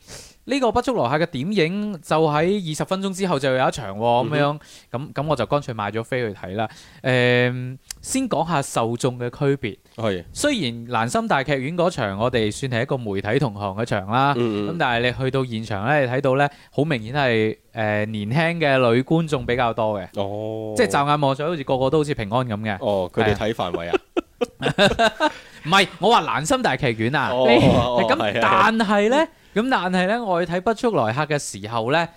呢個不速來客嘅點映就喺二十分鐘之後就有一場咁樣，咁咁、嗯、我就乾脆買咗飛去睇啦。誒，先講下受眾嘅區別。係。雖然蘭心大劇院嗰場我哋算係一個媒體同行嘅場啦，咁、uh uh，但係你去到現場咧，你睇到咧好明顯係誒年輕嘅女觀眾比較多嘅。哦。即係驟眼望上，好似個個都好似平安咁嘅。哦、oh，佢哋睇範圍啊？唔係，我話蘭心大劇院啊。哦哦咁但係咧？ [LAUGHS] [LAUGHS] 咁但係咧，我去睇《不速來客》嘅時候咧，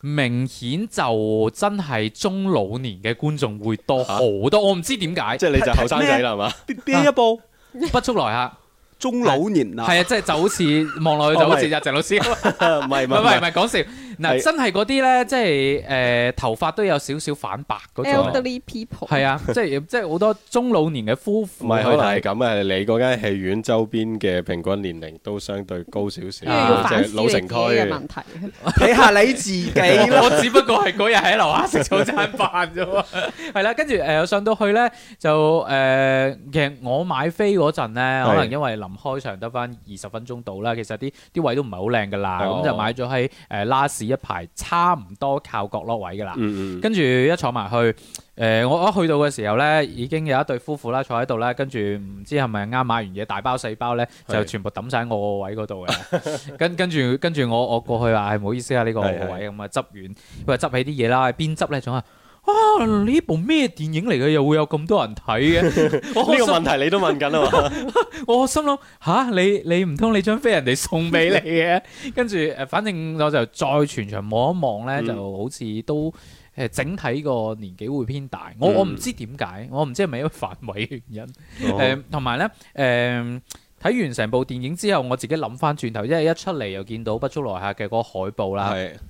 明顯就真係中老年嘅觀眾會多好多。啊、我唔知點解，即係你就後生仔啦，係嘛？邊邊一部《不速來客》？中老年啊，係啊，即係就好似望落去就好似啊、 [LAUGHS] 哦，鄭老師，唔係唔係唔係唔係講笑。， [LAUGHS] 嗱，真係啲咧，即係誒頭髮都有少少反白 elderly people 係啊，即係即係好多中老年嘅夫婦，唔係去睇，係咁啊！你間戲院周邊嘅平均年齡都相對高少少，即係老城區嘅問題，睇下你自己啦，我只不過係日喺樓下食早餐飯啫，係啦，跟住誒上到去咧就誒其實我買飛陣咧，可能因為臨開場得翻二十分鐘到啦，其實啲啲位都唔係好靚噶啦，咁就買咗喺誒 last。一排差唔多靠角落位噶啦，嗯嗯，跟住一坐埋去，誒、呃、我一去到嘅時候咧，已經有一對夫婦啦坐喺度啦，跟住唔知係咪啱買完嘢大包細包咧，就全部抌晒我個位嗰度嘅，跟跟住跟住我我過去話係唔好意思啊呢、呢個位，咁啊執完，佢話執 [LAUGHS] 起啲嘢啦，邊執咧仲係？啊！呢部咩電影嚟嘅，又會有咁多人睇嘅？呢 [LAUGHS] 心個問題你都問緊啊嘛！ [LAUGHS] 我心諗嚇、啊，你你唔通你張飛人哋送俾你嘅？跟住誒，反正我就再全場望一望咧，嗯、就好似都誒整體個年紀會偏大。我、嗯、我唔知點解，我唔知係咪一個範圍原因誒，同埋咧誒，睇、呃呃、完成部電影之後，我自己諗翻轉頭，因為一出嚟又見到不速來客嘅嗰個海報啦。的的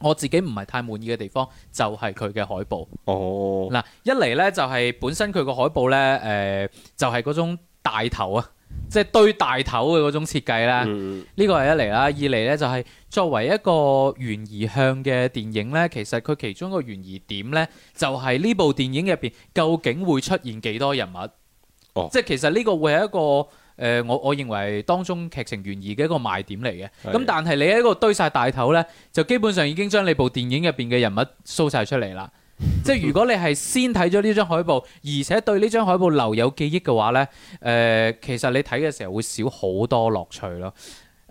我自己唔係太滿意嘅地方就係佢嘅海報。哦，嗱，一嚟呢，就係本身佢個海報呢，誒，就係嗰種大頭啊，即係堆大頭嘅嗰種設計啦。呢個係一嚟啦，二嚟呢，就係作為一個懸疑向嘅電影呢。其實佢其中一個懸疑點呢，就係呢部電影入邊究竟會出現幾多人物。哦，即係其實呢個會係一個。誒、呃，我我認為當中劇情懸疑嘅一個賣點嚟嘅，咁的但係你喺嗰堆晒大頭呢，就基本上已經將你部電影入邊嘅人物掃晒出嚟啦。 [LAUGHS] 即係如果你係先睇咗呢張海報，而且對呢張海報留有記憶嘅話呢，誒、呃，其實你睇嘅時候會少好多樂趣咯。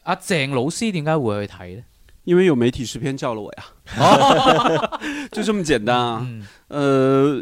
阿、啊、鄭老師點解會去睇咧？因為有媒體試片叫了我呀， [LAUGHS] [LAUGHS] [LAUGHS] 就這麼簡單啊，嗯呃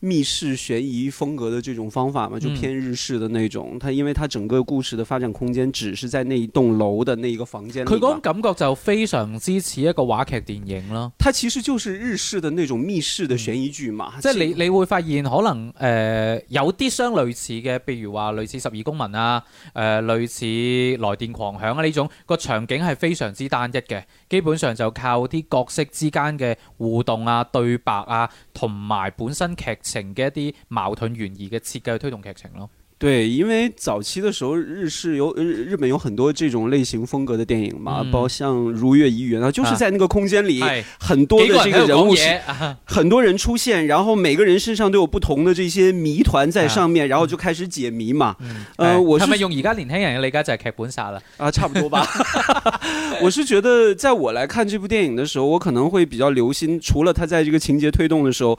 密室懸疑風格的這種方法嘛，就偏日式的那種。它、嗯、因為它整個故事的發展空間只是在那一棟樓的那一個房間。佢嗰種感覺就非常之似一個話劇電影囉。它其實就是日式的那種密室的懸疑劇嘛。嗯、即係你其實你會發現可能誒、呃、有啲相類似嘅，譬如話類似十二公民啊，誒、呃、類似來電狂響啊，呢種個場景係非常之單一嘅，基本上就靠啲角色之間嘅互動啊、對白啊，同埋本身劇成嘅一啲矛盾懸疑嘅設計去推動劇情咯。對，因為早期的時候，日是有日，日本有很多這種類型風格的電影嘛，嗯、包括像《如月疑雲》啊，就是在那個空間裏，啊、很多的這個人物個人很多人出現，啊、然後每個人身上都有不同的這些謎團在上面，啊、然後就開始解謎嘛。嗯、呃，哎、我係是咪用而家年輕人嘅理解就係劇本殺啦？啊，差不多吧。 [LAUGHS] 我是覺得，在我來看這部電影的時候，我可能會比較留心，除了他在這個情節推動的時候。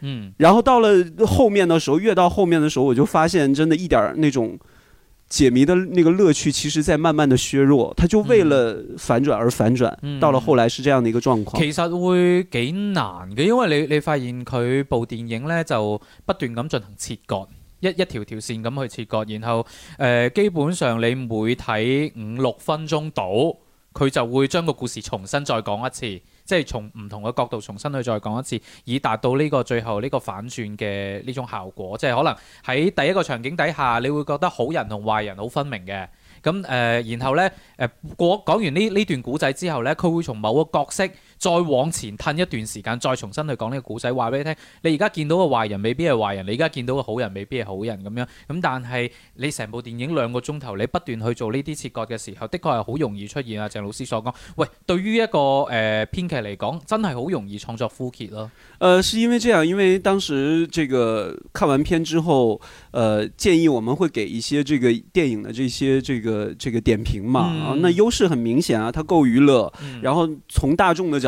嗯，然後到了後面的時候，越到後面的時候，我就發現真的一點那種解謎的那個樂趣，其實在慢慢的削弱，他就為了反轉而反轉，嗯、到了後來是這樣的一個狀況。其實會幾難嘅，因為你你發現佢部電影呢，就不斷咁進行切割，一一條條線咁去切割，然後誒、呃，基本上你每睇五六分鐘度佢就會將個故事重新再講一次。即係從唔同嘅角度重新去再講一次，以達到呢個最後呢個反轉嘅呢種效果。即係可能喺第一個場景底下，你會覺得好人同壞人好分明嘅。咁誒、呃，然後呢，誒、呃，過講完呢呢段古仔之後呢，佢會從某個角色，再往前褪一段時間，再重新去講呢個故仔，話俾你聽。你而家見到個壞人未必係壞人，你而家見到個好人未必係好人咁樣。咁但係你成部電影兩個鐘頭，你不斷去做呢啲切割嘅時候，的確係好容易出現啊，鄭老師所講，喂，對於一個誒、呃、編劇嚟講，真係好容易創作枯竭咯。誒、呃，係因為這樣，因為當時這個看完片之後、呃，建議我們會給一些這個電影的這些這個這個點評嘛。嗯、那優勢很明顯啊，它夠娛樂。然後從大眾的角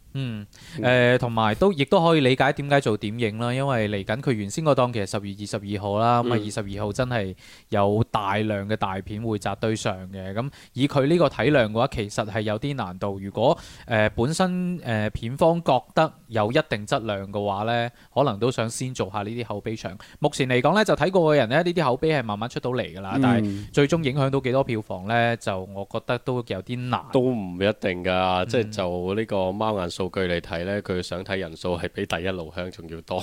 嗯，誒同埋都亦都可以理解點解做點映啦，因為嚟緊佢原先個檔其實十月二十二號啦，咁啊二十二號真係有大量嘅大片會扎堆上嘅，咁、嗯、以佢呢個體量嘅話，其實係有啲難度。如果誒、呃、本身誒、呃、片方覺得有一定質量嘅話呢，可能都想先做下呢啲口碑場。目前嚟講呢，就睇過嘅人呢，呢啲口碑係慢慢出到嚟㗎啦，但係最終影響到幾多票房呢？就我覺得都有啲難，啊。都唔一定㗎，嗯、即係就呢個貓眼。數據嚟睇咧，佢想睇人數係比第一爐香仲要多，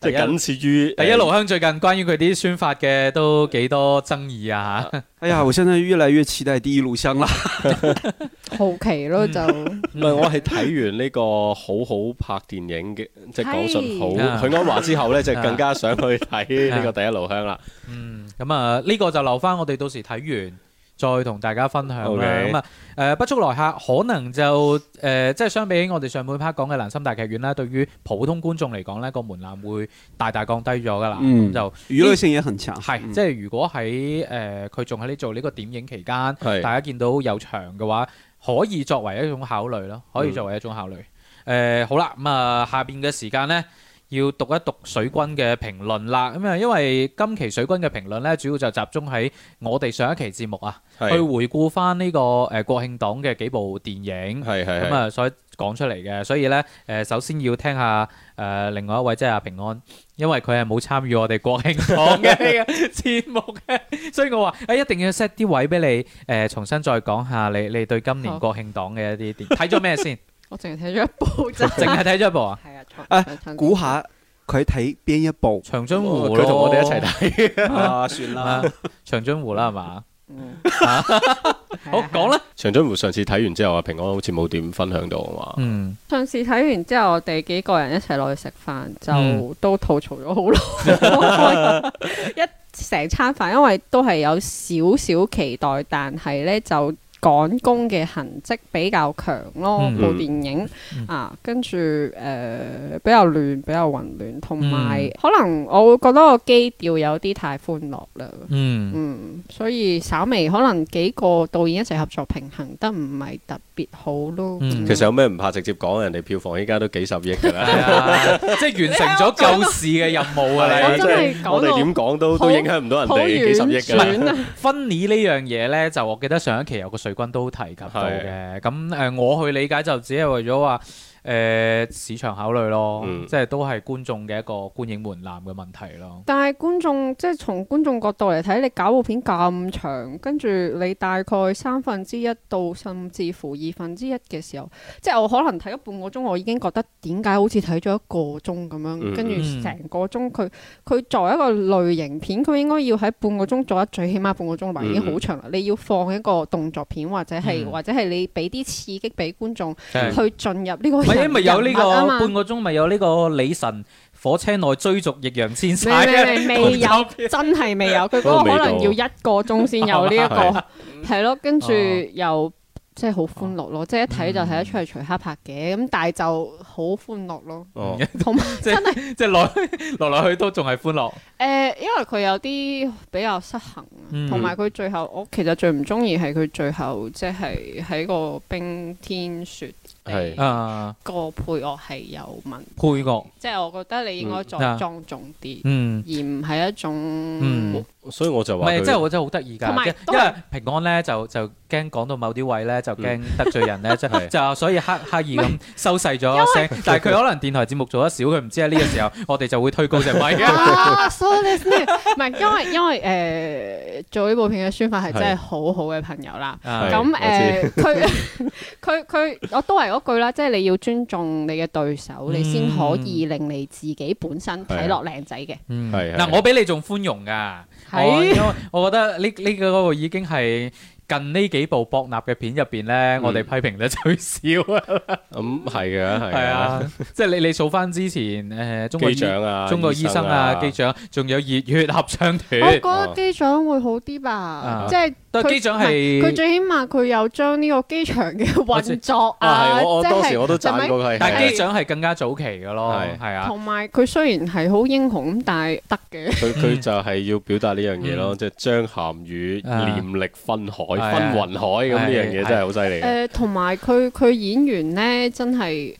即係僅次於第一爐香。最近關於佢啲宣發嘅都幾多爭議啊！哎呀，我現在越來越期待第一爐香啦，好奇咯就。唔係，我係睇完呢個好好拍電影嘅，即係講述好許鞍華之後咧，就更加想去睇呢個第一爐香啦。嗯，咁啊，呢個就留翻我哋到時睇完，再同大家分享啦。咁啊 Okay.、嗯，誒不速來客可能就誒、呃，即係相比我哋上半 part 講嘅蘭心大劇院啦，對於普通觀眾嚟講咧，個門檻會大大降低咗噶啦。嗯，就娛樂性也很強，係、嗯、即係如果喺誒佢仲喺呢度做呢個點映期間，嗯、大家見到有場嘅話，可以作為一種考慮咯，可以作為一種考慮。誒、嗯呃、好啦，咁、嗯、啊下邊嘅時間咧。要讀一讀水軍嘅評論啦，咁啊，因為今期水軍嘅評論咧，主要就集中喺我哋上一期節目啊，去回顧返呢個誒國慶檔嘅幾部電影，咁啊，所以講出嚟嘅，所以咧誒，首先要聽下誒另外一位即係阿平安，因為佢係冇參與我哋國慶檔嘅呢個節目嘅，所以我話誒一定要 set 啲位俾你誒，重新再講下你你對今年國慶檔嘅一啲電睇咗咩先？我淨係睇咗一部啫，淨係睇咗一部啊？係啊。誒，估、哎、下佢睇邊一部？《長津湖》佢同我哋一齊睇。哦、 [LAUGHS] 啊，算啦，《長津湖》啦、 [LAUGHS] 嗯，係嘛？ [LAUGHS] 好講啦，《長津湖》上次睇完之後啊，平安好似冇點分享到啊嘛。嗯，上次睇完之後，我哋幾個人一齊落去食飯，就都吐槽咗好耐，嗯、 [LAUGHS] [LAUGHS] 一成餐飯，因為都係有少少期、期待，但係咧就。趕工嘅痕跡比較強咯，部電影啊，跟住誒比較亂，比較混亂，同埋可能我會覺得個基調有啲太歡樂啦，嗯嗯，所以稍微可能幾個導演一齊合作平衡得唔係特別好咯。其實有咩唔怕直接講，人哋票房依家都幾十億噶啦，即係完成咗救市嘅任務啊！真係我哋點講都都影響唔到人哋幾十億嘅。婚禮呢樣嘢咧，就我記得上一期有個軍都提及到嘅，咁誒是、呃，我去理解就只係為咗話。誒市場考慮咯，嗯、即係都係觀眾嘅一個觀影門檻嘅問題咯。但係觀眾即係從觀眾角度嚟睇，你搞部片咁長，跟住你大概三分之一到甚至乎二分之一嘅時候，即係我可能睇咗半個鐘，我已經覺得點解好似睇咗一個鐘咁樣。跟住成個鐘，佢佢作為一個類型片，佢應該要喺半個鐘做得最起碼半個鐘吧，嗯、起碼半個鐘已經好長啦。你要放一個動作片或者係、嗯、或者係你俾啲刺激俾觀眾去進入呢個。誒，咪有呢個半個鐘咪有呢個李晨火車內追逐易烊千璽。未未有，真係未有。佢嗰個可能要一個鐘先有呢一個，係咯。跟住又即係好歡樂咯，即係一睇就睇得出係徐克拍嘅。咁但係就好歡樂咯，同埋真係即係落落嚟去都仲係歡樂。誒，因為佢有啲比較失衡，同埋佢最後我其實最唔中意係佢最後即係喺個冰天雪。係啊，個配樂係有問，配樂即係我覺得你應該再莊重啲，嗯，而唔係一種。所以我就話佢，即係我真係好得意㗎，因為平安咧就就驚講到某啲位咧就驚得罪人咧，真係就所以刻意咁收細咗聲，但係佢可能電台節目做得少，佢唔知喺呢個時候，我哋就會推高隻咪。啊。所以唔係因為因為誒做呢部片嘅宣發係真係好好嘅朋友啦。咁誒佢佢佢我都係。嗰句啦，即係你要尊重你嘅對手，你先可以令你自己本身睇落靚仔嘅。嗱，我比你仲寬容噶，我因為我覺得呢呢個已經係近呢幾部博納嘅片入邊咧，我哋批評得最少啊。咁係嘅，係啊，即係你你數翻之前誒，中國機長啊、中國醫生啊、機長，仲有熱血合唱團。我覺得機長會好啲吧，即係。但機長係，佢佢最起碼佢有將呢個機場嘅運作啊，即係我當時我都讚過佢，但機長係更加早期嘅咯，係啊。同埋佢雖然係好英雄咁，但係得嘅。佢佢、啊、 [LAUGHS] 就係要表達呢樣嘢咯，即係張涵予念力分海分雲海咁呢、啊、樣嘢真係好犀利。誒、啊，同埋佢佢演員咧真係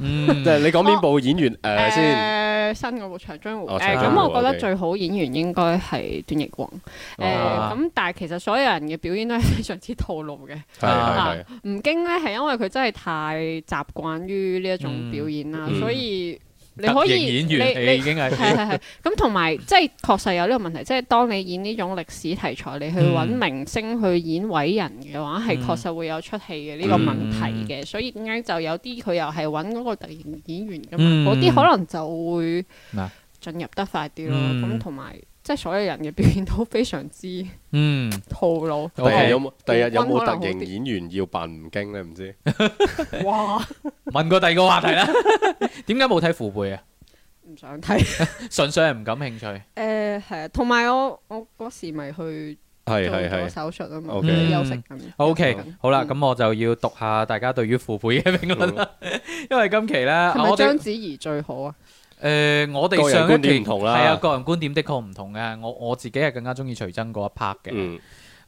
嗯，即係你講邊部演員誒我、呃、先？誒、呃、新嗰部《長津湖》誒，咁我覺得最好演員應該係段奕宏。誒，咁但係其實所有人嘅表演都係非常之套路嘅。係啊、嗯，吳京咧係因為佢真係太習慣於呢一種表演啦，所以。你可以，演員你你係係係咁，同埋經 [LAUGHS] 即係確實有呢個問題，即係當你演呢種歷史題材，你去揾明星去演偉人嘅話，係、嗯、確實會有出戲嘅呢個問題嘅，嗯、所以點解就有啲佢又係揾嗰個特型演員嘅嘛？嗰啲、嗯、可能就會進入得快啲咯。咁同埋。嗯即係所有人嘅表現都非常之嗯套路。第日有冇？第日有冇特型演員要扮吳京咧？唔知。哇！問過第二個話題啦。點解冇睇父輩啊？唔想睇，純粹係唔感興趣。誒係啊，同埋我我嗰時咪去做做手術啊嘛，休息緊。O K，好啦，咁我就要讀下大家對於父輩嘅評論啦。因為今期咧，係咪章子怡最好啊？誒、呃，我哋上一期係啊，啊，個人觀點的確唔同嘅。我我自己係更加中意徐崢嗰一 part 嘅。誒嗱、嗯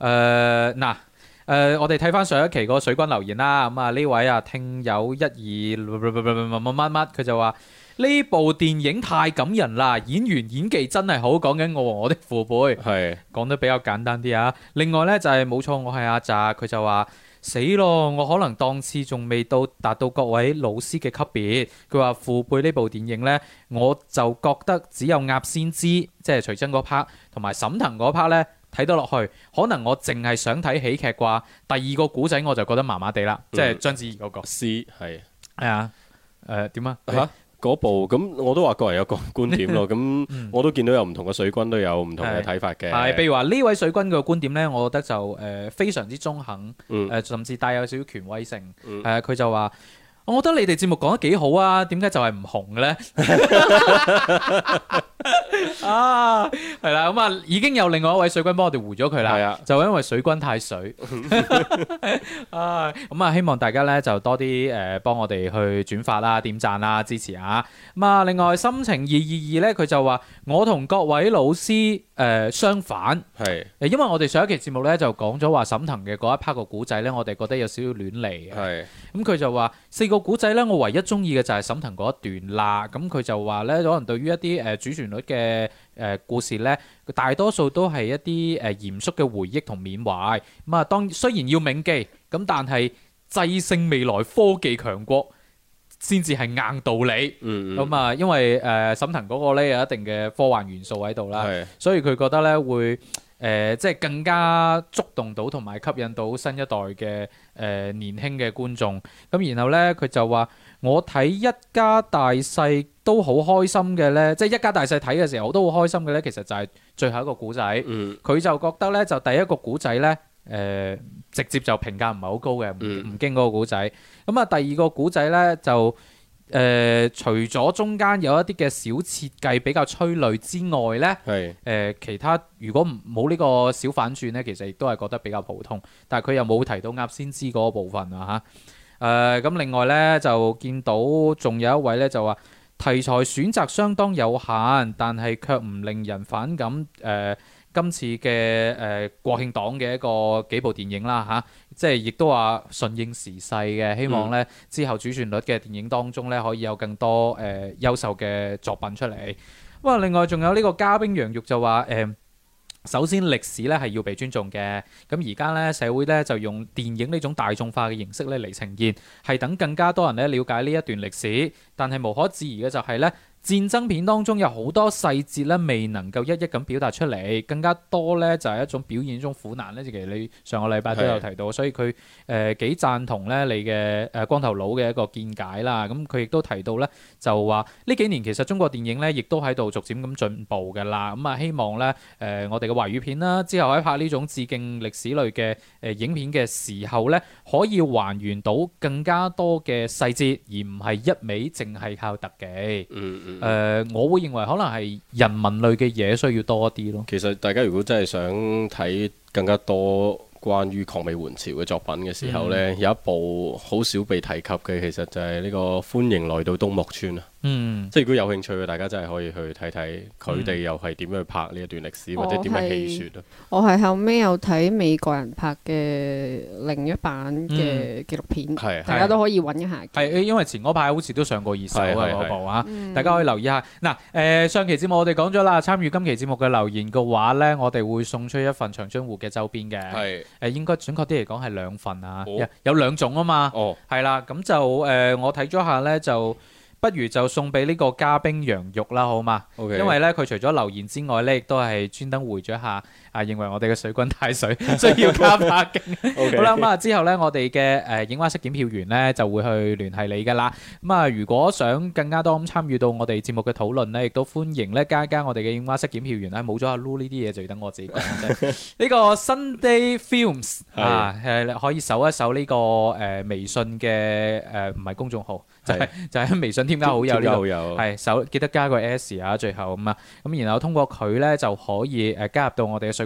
呃，誒、呃呃、我哋睇翻上一期嗰個水軍留言啦。咁、嗯、啊，呢位啊聽友一二乜乜乜乜，佢就話呢部電影太感人啦，演員演技真係好，講緊我和我的父輩。係講是 得比較簡單啲啊。另外咧就係、是、冇錯，我係阿澤，佢就話。死咯！我可能檔次仲未到，達到各位老師嘅級別。佢話父輩呢部電影呢，我就覺得只有鴨先知，即係徐崢嗰 part，同埋沈騰嗰 part 咧睇得落去。可能我淨係想睇喜劇啩。第二個古仔我就覺得麻麻地啦，嗯、即係章子怡嗰個。師係係啊誒點啊嗰部咁，我都話各人有各觀點咯。咁、 [LAUGHS] 嗯、我都見到有唔同嘅水軍都有唔同嘅睇法嘅。係，譬如話呢位水軍嘅觀點呢，我覺得就誒、呃、非常之中肯，誒、嗯、甚至帶有少少權威性。係佢、嗯呃、就話。我覺得你哋節目講得幾好 [LAUGHS] [LAUGHS] 啊，點解就係唔紅嘅咧？啊，係啦，咁啊，已經有另外一位水軍幫我哋護咗佢啦，係啊，就因為水軍太水。咁 [LAUGHS] 啊、嗯，希望大家咧就多啲誒，幫、呃、我哋去轉發啦、點讚啦、支持啊。咁、嗯、啊，另外心情二二二咧，佢就話我同各位老師。誒、呃、相反係是因為我哋上一期節目咧就講咗話沈騰嘅嗰一 part 個古仔咧，我哋覺得有少少亂嚟嘅。咁佢是、嗯、就話四個古仔咧，我唯一中意嘅就係沈騰嗰一段啦。咁、嗯、佢就話咧，可能對於一啲誒主旋律嘅誒故事咧，大多數都係一啲誒嚴肅嘅回憶同緬懷咁啊。當、嗯、雖然要銘記，咁，但係製勝未來科技強國。先至係硬道理，咁啊、嗯嗯，因為誒、呃、沈騰嗰個咧有一定嘅科幻元素喺度啦，的所以佢覺得咧會誒、呃、即係更加觸動到同埋吸引到新一代嘅誒、呃、年輕嘅觀眾。咁然後咧，佢就話我睇一家大細都好開心嘅咧，即、就、係、是、一家大細睇嘅時候我都好開心嘅咧。其實就係最後一個故仔，佢、嗯、就覺得咧就第一個故仔咧。誒、呃、直接就評價唔係好高嘅，唔唔、嗯、經嗰個古仔。咁、嗯、啊，第二個古仔呢，就誒、呃，除咗中間有一啲嘅小設計比較催淚之外呢，誒是、呃、其他如果冇呢個小反轉呢，其實亦都係覺得比較普通。但係佢又冇提到鴨先知嗰部分啊嚇。誒咁、呃嗯、另外呢，就見到仲有一位呢，就話題材選擇相當有限，但係卻唔令人反感誒。呃今次嘅誒、呃、國慶檔嘅一個幾部電影啦嚇、啊，即係亦都話順應時勢嘅，希望咧之後主旋律嘅電影當中咧可以有更多誒、呃、優秀嘅作品出嚟。哇！另外仲有呢個嘉賓楊玉就話誒、呃，首先歷史咧係要被尊重嘅，咁而家咧社會咧就用電影呢種大眾化嘅形式咧嚟呈現，係等更加多人咧了解呢一段歷史，但係無可置疑嘅就係咧。戰爭片當中有好多細節咧，未能夠一一咁表達出嚟，更加多咧就係一種表現中苦難咧。其實你上個禮拜都有提到，的所以佢誒、呃、幾贊同咧你嘅誒光頭佬嘅一個見解啦。咁佢亦都提到咧，就話呢幾年其實中國電影咧亦都喺度逐漸咁進步㗎啦。咁、嗯、啊希望咧誒、呃、我哋嘅華語片啦，之後喺拍呢種致敬歷史類嘅誒、呃、影片嘅時候咧，可以還原到更加多嘅細節，而唔係一味淨係靠特技。嗯嗯誒、呃，我會認為可能係人文類嘅嘢需要多啲咯。其實大家如果真係想睇更加多關於抗美援朝嘅作品嘅時候呢、嗯、有一部好少被提及嘅，其實就係呢、這個歡迎來到東莫村啊。嗯，即係如果有興趣嘅，大家真係可以去睇睇佢哋又係點樣去拍呢一段歷史，或者點樣戲説咯。我係後尾有睇美國人拍嘅另一版嘅紀錄片，係大家都可以揾一下。係，因為前嗰排好似都上過二手啊嗰部啊，大家可以留意下。嗱，誒上期節目我哋講咗啦，參與今期節目嘅留言嘅話咧，我哋會送出一份長津湖嘅周邊嘅。係誒，應該準確啲嚟講係兩份啊，有兩種啊嘛。哦，係啦，咁就誒，我睇咗下咧就。不如就送俾呢個嘉賓羊肉啦，好嘛？Okay. 因為呢，佢除咗留言之外呢，呢亦都係專登回咗下。啊，認為我哋嘅水軍太水， [LAUGHS] 需要加把勁 [LAUGHS] Okay.。好啦，咁啊之後咧，我哋嘅誒映畫室檢票員咧就會去聯繫你噶啦。咁啊，如果想更加多咁參與到我哋節目嘅討論咧，亦都歡迎咧加加我哋嘅映畫室檢票員咧。冇咗阿 lu 呢啲嘢就要等我自己講。呢 [LAUGHS] 個 Sunday Films [LAUGHS] 啊，係可以搜一搜呢個誒微信嘅誒唔係公眾號就係、是、是就喺微信添加好友呢度係搜，記得加個 S 啊最後咁啊，咁然後通過佢咧就可以誒加入到我哋嘅水。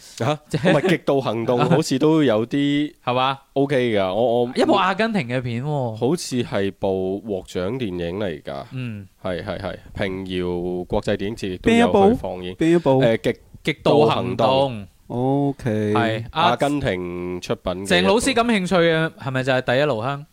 吓，唔係，啊《極度行動》好似都有啲係嘛？OK 噶，我我一部阿根廷嘅片喎，哦，好似係部獲獎電影嚟㗎。嗯，係係係平遙國際電影節都有一部放映？邊一部？誒，呃《極極度行動》行動 OK 係是 Arts, 阿根廷出品嘅。鄭老師感興趣嘅係咪就係第一爐香？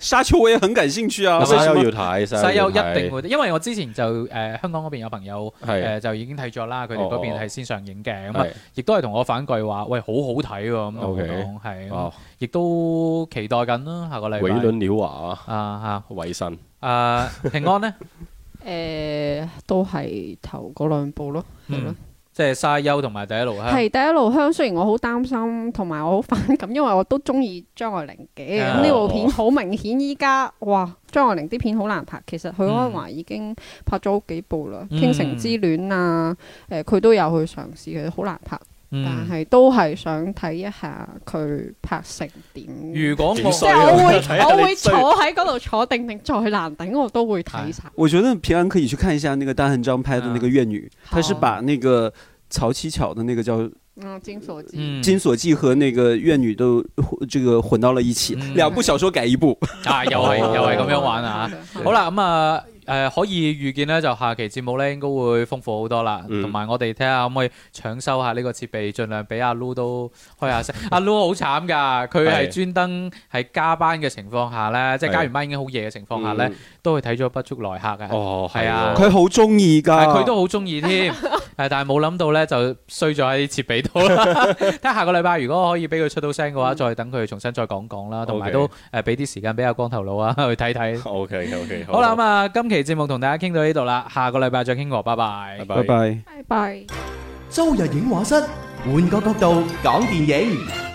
沙丘我也很感興趣啊，沙丘要睇，沙丘一定會睇，因為我之前就誒，香港嗰邊有朋友係就已經睇咗啦，佢哋嗰邊係先上映嘅，咁亦都係同我反句話，喂，好好睇喎，咁講係，亦都期待緊啦，下個禮拜維倫紐瓦啊。啊，偉信啊平安呢？誒都係頭嗰兩部咯，係咯。即係沙丘同埋第一爐香，係第一爐香。雖然我好擔心，同埋我好反感，因為我都中意張愛玲嘅。咁呢、啊、部片好明顯，依家哇，張愛玲啲片好難拍。其實許鞍華已經拍咗好幾部啦，嗯《傾城之戀》啊，誒、呃，佢都有去嘗試嘅，其實好難拍。但係都係想睇一下佢拍成點。如果我即我會坐喺嗰度坐定定再難頂，我都會睇曬。我覺得平安可以去看一下那個但漢章拍的那個怨女、啊，他是把那個曹七巧的那個叫金鎖記，金鎖記和那個怨女都這個混到了一起，兩部小說改一部啊，又係又係咁樣玩啊！好啦咁啊。誒、呃，可以預見咧，就下期節目咧應該會豐富好多啦。同埋、嗯、我哋睇下可唔可以搶修下呢個設備，盡量俾阿 Lu 都開下聲。 [LAUGHS] 阿 Lu 好慘噶，佢係專登係加班嘅情況下咧，的即係加完班已經好夜嘅情況下咧，的都去睇咗不速來客、哦、啊。哦，係啊，佢好中意㗎，佢都好中意添。誒，但係冇諗到咧，就衰咗喺設備度啦。睇下下個禮拜，如果可以俾佢出到聲嘅話，再等佢重新再講講啦，同埋都誒，俾啲時間俾阿光頭佬啊去睇睇。OK OK，好啦咁啊，今期節目同大家傾到呢度啦，下個禮拜再傾過，拜拜，拜拜，拜拜。周日映畫室，換個角度講電影。